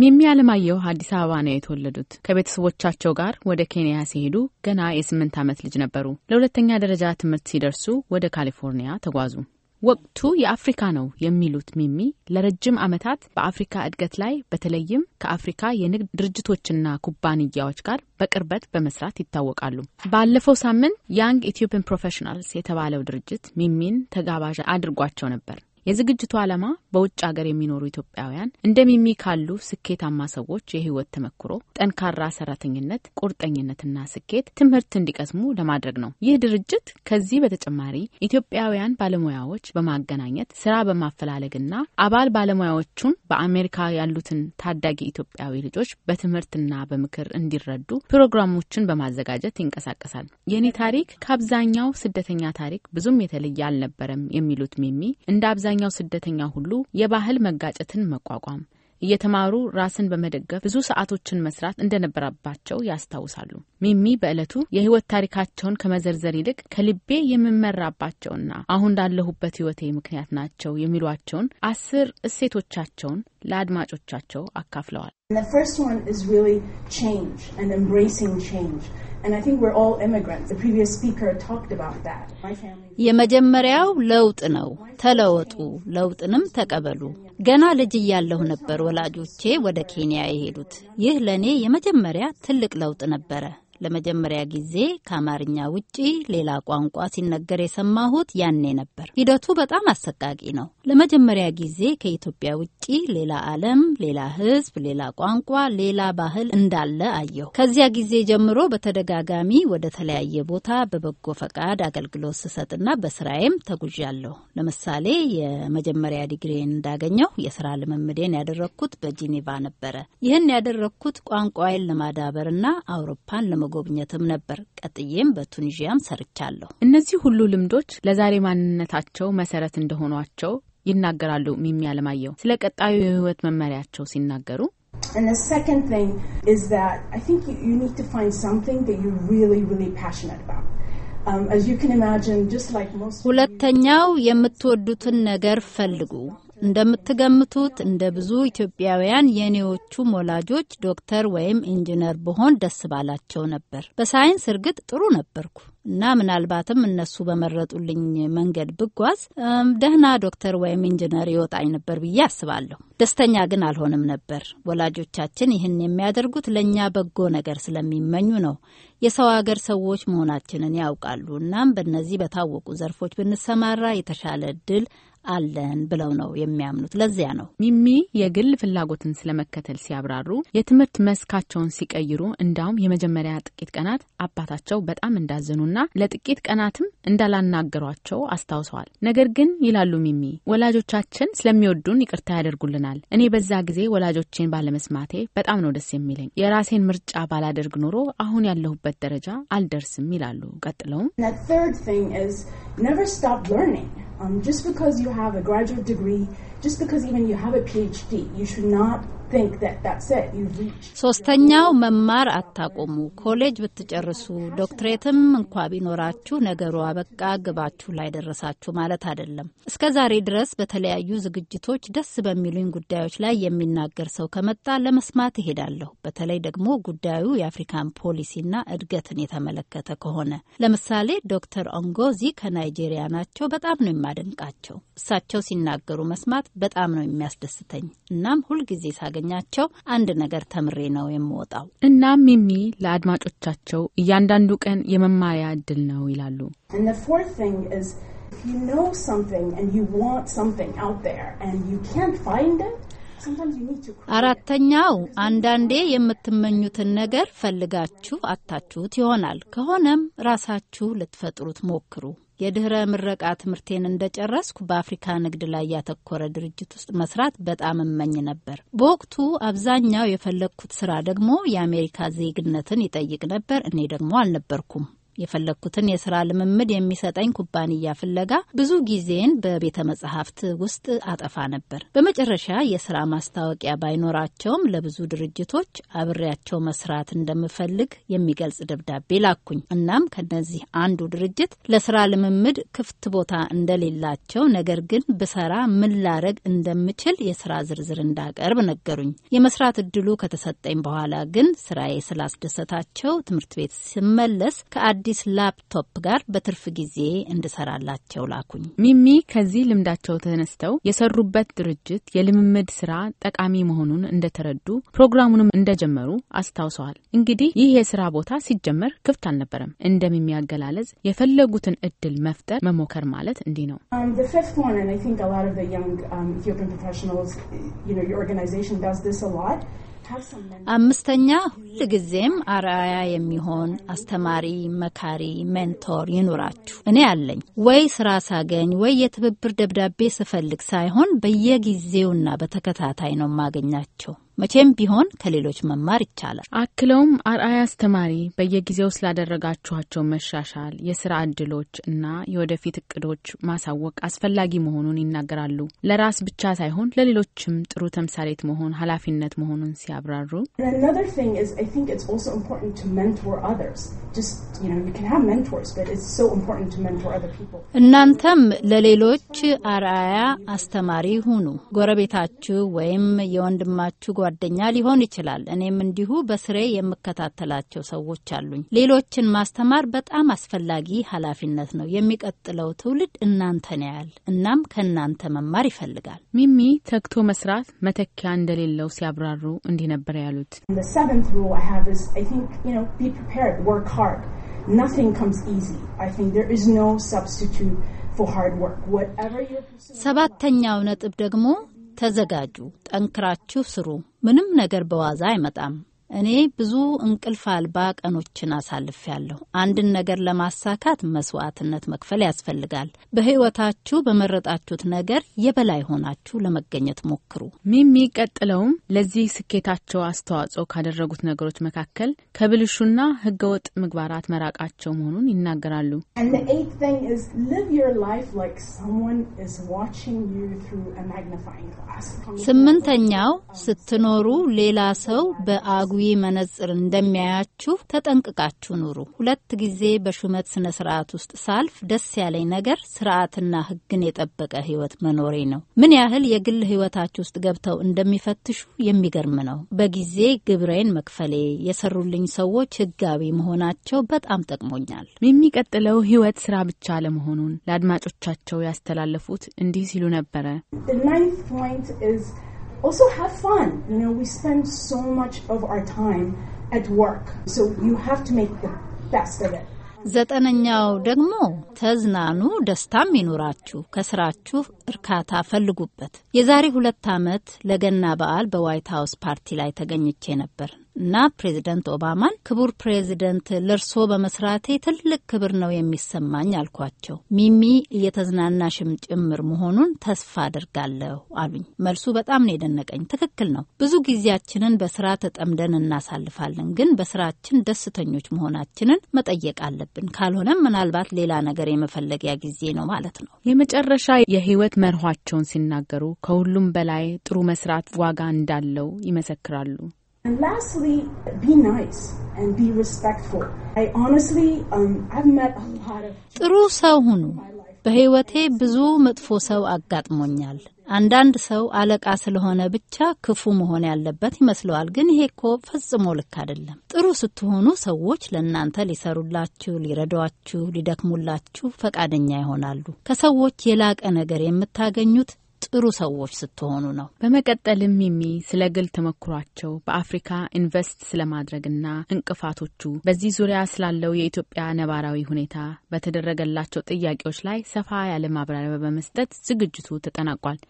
ሚሚ አለማየሁ አዲስ አበባ ነው የተወለዱት። ከቤተሰቦቻቸው ጋር ወደ ኬንያ ሲሄዱ ገና የስምንት ዓመት ልጅ ነበሩ። ለሁለተኛ ደረጃ ትምህርት ሲደርሱ ወደ ካሊፎርኒያ ተጓዙ። ወቅቱ የአፍሪካ ነው የሚሉት ሚሚ ለረጅም ዓመታት በአፍሪካ እድገት ላይ በተለይም ከአፍሪካ የንግድ ድርጅቶችና ኩባንያዎች ጋር በቅርበት በመስራት ይታወቃሉ። ባለፈው ሳምንት ያንግ ኢትዮጵያን ፕሮፌሽናልስ የተባለው ድርጅት ሚሚን ተጋባዥ አድርጓቸው ነበር። የዝግጅቱ ዓላማ በውጭ ሀገር የሚኖሩ ኢትዮጵያውያን እንደ ሚሚ ካሉ ስኬታማ ሰዎች የህይወት ተመክሮ፣ ጠንካራ ሰራተኝነት፣ ቁርጠኝነትና ስኬት ትምህርት እንዲቀስሙ ለማድረግ ነው። ይህ ድርጅት ከዚህ በተጨማሪ ኢትዮጵያውያን ባለሙያዎች በማገናኘት ስራ በማፈላለግና አባል ባለሙያዎቹን በአሜሪካ ያሉትን ታዳጊ ኢትዮጵያዊ ልጆች በትምህርትና በምክር እንዲረዱ ፕሮግራሞችን በማዘጋጀት ይንቀሳቀሳል። የኔ ታሪክ ከአብዛኛው ስደተኛ ታሪክ ብዙም የተለየ አልነበረም የሚሉት ሚሚ እንደ አብዛኛው አብዛኛው ስደተኛ ሁሉ የባህል መጋጨትን መቋቋም እየተማሩ ራስን በመደገፍ ብዙ ሰዓቶችን መስራት እንደነበረባቸው ያስታውሳሉ። ሚሚ በዕለቱ የህይወት ታሪካቸውን ከመዘርዘር ይልቅ ከልቤ የምመራባቸውና አሁን ላለሁበት ህይወቴ ምክንያት ናቸው የሚሏቸውን አስር እሴቶቻቸውን ለአድማጮቻቸው አካፍለዋል። የመጀመሪያው ለውጥ ነው። ተለወጡ፣ ለውጥንም ተቀበሉ። ገና ልጅ እያለሁ ነበር ወላጆቼ ወደ ኬንያ የሄዱት። ይህ ለእኔ የመጀመሪያ ትልቅ ለውጥ ነበረ። ለመጀመሪያ ጊዜ ከአማርኛ ውጪ ሌላ ቋንቋ ሲነገር የሰማሁት ያኔ ነበር። ሂደቱ በጣም አሰቃቂ ነው። ለመጀመሪያ ጊዜ ከኢትዮጵያ ውጪ ሌላ ዓለም፣ ሌላ ሕዝብ፣ ሌላ ቋንቋ፣ ሌላ ባህል እንዳለ አየሁ። ከዚያ ጊዜ ጀምሮ በተደጋጋሚ ወደ ተለያየ ቦታ በበጎ ፈቃድ አገልግሎት ስሰጥና በስራዬም ተጉዣለሁ። ለምሳሌ የመጀመሪያ ዲግሪን እንዳገኘው የስራ ልምምዴን ያደረግኩት በጂኔቫ ነበረ። ይህን ያደረግኩት ቋንቋዬን ለማዳበርና አውሮፓን ለመ በመጎብኘትም ነበር። ቀጥዬም በቱኒዥያም ሰርቻለሁ። እነዚህ ሁሉ ልምዶች ለዛሬ ማንነታቸው መሰረት እንደሆኗቸው ይናገራሉ። ሚሚ አለማየሁ ስለ ቀጣዩ የህይወት መመሪያቸው ሲናገሩ um, ሁለተኛው የምትወዱትን ነገር ፈልጉ። እንደምትገምቱት እንደ ብዙ ኢትዮጵያውያን የኔዎቹም ወላጆች ዶክተር ወይም ኢንጂነር ብሆን ደስ ባላቸው ነበር። በሳይንስ እርግጥ ጥሩ ነበርኩ እና ምናልባትም እነሱ በመረጡልኝ መንገድ ብጓዝ ደህና ዶክተር ወይም ኢንጂነር ይወጣኝ ነበር ብዬ አስባለሁ። ደስተኛ ግን አልሆንም ነበር። ወላጆቻችን ይህን የሚያደርጉት ለእኛ በጎ ነገር ስለሚመኙ ነው። የሰው ሀገር ሰዎች መሆናችንን ያውቃሉ። እናም በእነዚህ በታወቁ ዘርፎች ብንሰማራ የተሻለ እድል አለን ብለው ነው የሚያምኑት። ለዚያ ነው ሚሚ የግል ፍላጎትን ስለመከተል ሲያብራሩ የትምህርት መስካቸውን ሲቀይሩ እንዳውም የመጀመሪያ ጥቂት ቀናት አባታቸው በጣም እንዳዘኑና ለጥቂት ቀናትም እንዳላናገሯቸው አስታውሰዋል። ነገር ግን ይላሉ ሚሚ ወላጆቻችን ስለሚወዱን ይቅርታ ያደርጉልናል። እኔ በዛ ጊዜ ወላጆቼን ባለመስማቴ በጣም ነው ደስ የሚለኝ። የራሴን ምርጫ ባላደርግ ኖሮ አሁን ያለሁበት ደረጃ አልደርስም ይላሉ። ቀጥለውም Um, just because you have a graduate degree just because even you have a PhD, you should not ሶስተኛው መማር አታቆሙ። ኮሌጅ ብትጨርሱ ዶክትሬትም እንኳ ቢኖራችሁ ነገሩ አበቃ፣ ግባችሁ ላይ ደረሳችሁ ማለት አይደለም። እስከ ዛሬ ድረስ በተለያዩ ዝግጅቶች ደስ በሚሉኝ ጉዳዮች ላይ የሚናገር ሰው ከመጣ ለመስማት እሄዳለሁ። በተለይ ደግሞ ጉዳዩ የአፍሪካን ፖሊሲና እድገትን የተመለከተ ከሆነ ለምሳሌ ዶክተር ኦንጎዚ ከናይጄሪያ ናቸው። በጣም ነው የማደንቃቸው። እሳቸው ሲናገሩ መስማት በጣም ነው የሚያስደስተኝ። እናም ሁልጊዜ ሳገኛቸው አንድ ነገር ተምሬ ነው የምወጣው። እናም ሚሚ ለአድማጮቻቸው እያንዳንዱ ቀን የመማሪያ እድል ነው ይላሉ። አራተኛው አንዳንዴ የምትመኙትን ነገር ፈልጋችሁ አታችሁት ይሆናል። ከሆነም ራሳችሁ ልትፈጥሩት ሞክሩ። የድህረ ምረቃ ትምህርቴን እንደጨረስኩ በአፍሪካ ንግድ ላይ ያተኮረ ድርጅት ውስጥ መስራት በጣም እመኝ ነበር። በወቅቱ አብዛኛው የፈለግኩት ስራ ደግሞ የአሜሪካ ዜግነትን ይጠይቅ ነበር። እኔ ደግሞ አልነበርኩም። የፈለግኩትን የስራ ልምምድ የሚሰጠኝ ኩባንያ ፍለጋ ብዙ ጊዜን በቤተ መጽሐፍት ውስጥ አጠፋ ነበር። በመጨረሻ የስራ ማስታወቂያ ባይኖራቸውም ለብዙ ድርጅቶች አብሬያቸው መስራት እንደምፈልግ የሚገልጽ ደብዳቤ ላኩኝ። እናም ከነዚህ አንዱ ድርጅት ለስራ ልምምድ ክፍት ቦታ እንደሌላቸው፣ ነገር ግን ብሰራ ምን ላረግ እንደምችል የስራ ዝርዝር እንዳቀርብ ነገሩኝ። የመስራት እድሉ ከተሰጠኝ በኋላ ግን ስራዬ ስላስደሰታቸው ትምህርት ቤት ስመለስ ከአዲ ከአዲስ ላፕቶፕ ጋር በትርፍ ጊዜ እንድሰራላቸው ላኩኝ። ሚሚ ከዚህ ልምዳቸው ተነስተው የሰሩበት ድርጅት የልምምድ ስራ ጠቃሚ መሆኑን እንደተረዱ ፕሮግራሙንም እንደጀመሩ አስታውሰዋል። እንግዲህ ይህ የስራ ቦታ ሲጀመር ክፍት አልነበረም። ሚሚ አገላለጽ የፈለጉትን እድል መፍጠር መሞከር ማለት እንዲህ ነው። um, አምስተኛ ሁልጊዜም አርአያ የሚሆን አስተማሪ፣ መካሪ፣ ሜንቶር ይኑራችሁ። እኔ አለኝ። ወይ ስራ ሳገኝ ወይ የትብብር ደብዳቤ ስፈልግ ሳይሆን በየጊዜውና በተከታታይ ነው ማገኛቸው። መቼም ቢሆን ከሌሎች መማር ይቻላል። አክለውም አርአያ አስተማሪ በየጊዜው ስላደረጋችኋቸው መሻሻል፣ የስራ እድሎች እና የወደፊት እቅዶች ማሳወቅ አስፈላጊ መሆኑን ይናገራሉ። ለራስ ብቻ ሳይሆን ለሌሎችም ጥሩ ተምሳሌት መሆን ኃላፊነት መሆኑን ሲያብራሩ እናንተም ለሌሎች አርአያ አስተማሪ ሁኑ። ጎረቤታችሁ ወይም የወንድማችሁ ጓደኛ ሊሆን ይችላል። እኔም እንዲሁ በስሬ የምከታተላቸው ሰዎች አሉኝ። ሌሎችን ማስተማር በጣም አስፈላጊ ኃላፊነት ነው። የሚቀጥለው ትውልድ እናንተን ያያል፣ እናም ከእናንተ መማር ይፈልጋል። ሚሚ ተግቶ መስራት መተኪያ እንደሌለው ሲያብራሩ እንዲህ ነበር ያሉት። hard. Nothing comes easy. I think there is no substitute for hard work. Whatever your ሰባተኛው ነጥብ ደግሞ ተዘጋጁ፣ ጠንክራችሁ ስሩ። ምንም ነገር በዋዛ አይመጣም። እኔ ብዙ እንቅልፍ አልባ ቀኖችን አሳልፌያለሁ። አንድን ነገር ለማሳካት መስዋዕትነት መክፈል ያስፈልጋል። በሕይወታችሁ በመረጣችሁት ነገር የበላይ ሆናችሁ ለመገኘት ሞክሩ። የሚቀጥለውም ለዚህ ስኬታቸው አስተዋጽኦ ካደረጉት ነገሮች መካከል ከብልሹና ህገወጥ ምግባራት መራቃቸው መሆኑን ይናገራሉ። ስምንተኛው ስትኖሩ ሌላ ሰው በአጉ መነጽር እንደሚያያችሁ ተጠንቅቃችሁ ኑሩ። ሁለት ጊዜ በሹመት ስነ ስርዓት ውስጥ ሳልፍ ደስ ያለኝ ነገር ስርዓትና ሕግን የጠበቀ ህይወት መኖሬ ነው። ምን ያህል የግል ህይወታችሁ ውስጥ ገብተው እንደሚፈትሹ የሚገርም ነው። በጊዜ ግብሬን መክፈሌ፣ የሰሩልኝ ሰዎች ህጋዊ መሆናቸው በጣም ጠቅሞኛል። የሚቀጥለው ህይወት ስራ ብቻ አለመሆኑን ለአድማጮቻቸው ያስተላለፉት እንዲህ ሲሉ ነበረ። Also, have fun. You know, we spend so much of our time at work, so you have to make the best of it. ዘጠነኛው ደግሞ ተዝናኑ፣ ደስታም ይኑራችሁ፣ ከስራችሁ እርካታ ፈልጉበት። የዛሬ ሁለት ዓመት ለገና በዓል በዋይት ሀውስ ፓርቲ ላይ ተገኝቼ ነበር። እና ፕሬዚደንት ኦባማን ክቡር ፕሬዚደንት ለርሶ በመስራቴ ትልቅ ክብር ነው የሚሰማኝ አልኳቸው። ሚሚ እየተዝናናሽም ጭምር መሆኑን ተስፋ አድርጋለሁ አሉኝ። መልሱ በጣም ነው የደነቀኝ። ትክክል ነው። ብዙ ጊዜያችንን በስራ ተጠምደን እናሳልፋለን። ግን በስራችን ደስተኞች መሆናችንን መጠየቅ አለብን። ካልሆነም ምናልባት ሌላ ነገር የመፈለጊያ ጊዜ ነው ማለት ነው። የመጨረሻ የህይወት መርኋቸውን ሲናገሩ ከሁሉም በላይ ጥሩ መስራት ዋጋ እንዳለው ይመሰክራሉ። And lastly, be nice and be respectful. I honestly, um, I've met a lot of... ጥሩ ሰው ሁኑ። በህይወቴ ብዙ መጥፎ ሰው አጋጥሞኛል። አንዳንድ ሰው አለቃ ስለሆነ ብቻ ክፉ መሆን ያለበት ይመስለዋል። ግን ይሄ እኮ ፈጽሞ ልክ አይደለም። ጥሩ ስትሆኑ ሰዎች ለእናንተ ሊሰሩላችሁ፣ ሊረዷችሁ፣ ሊደክሙላችሁ ፈቃደኛ ይሆናሉ። ከሰዎች የላቀ ነገር የምታገኙት ጥሩ ሰዎች ስትሆኑ ነው። በመቀጠልም ሚሚ ስለ ግል ተመክሯቸው በአፍሪካ ኢንቨስት ስለማድረግና እንቅፋቶቹ፣ በዚህ ዙሪያ ስላለው የኢትዮጵያ ነባራዊ ሁኔታ በተደረገላቸው ጥያቄዎች ላይ ሰፋ ያለ ማብራሪያ በመስጠት ዝግጅቱ ተጠናቋል።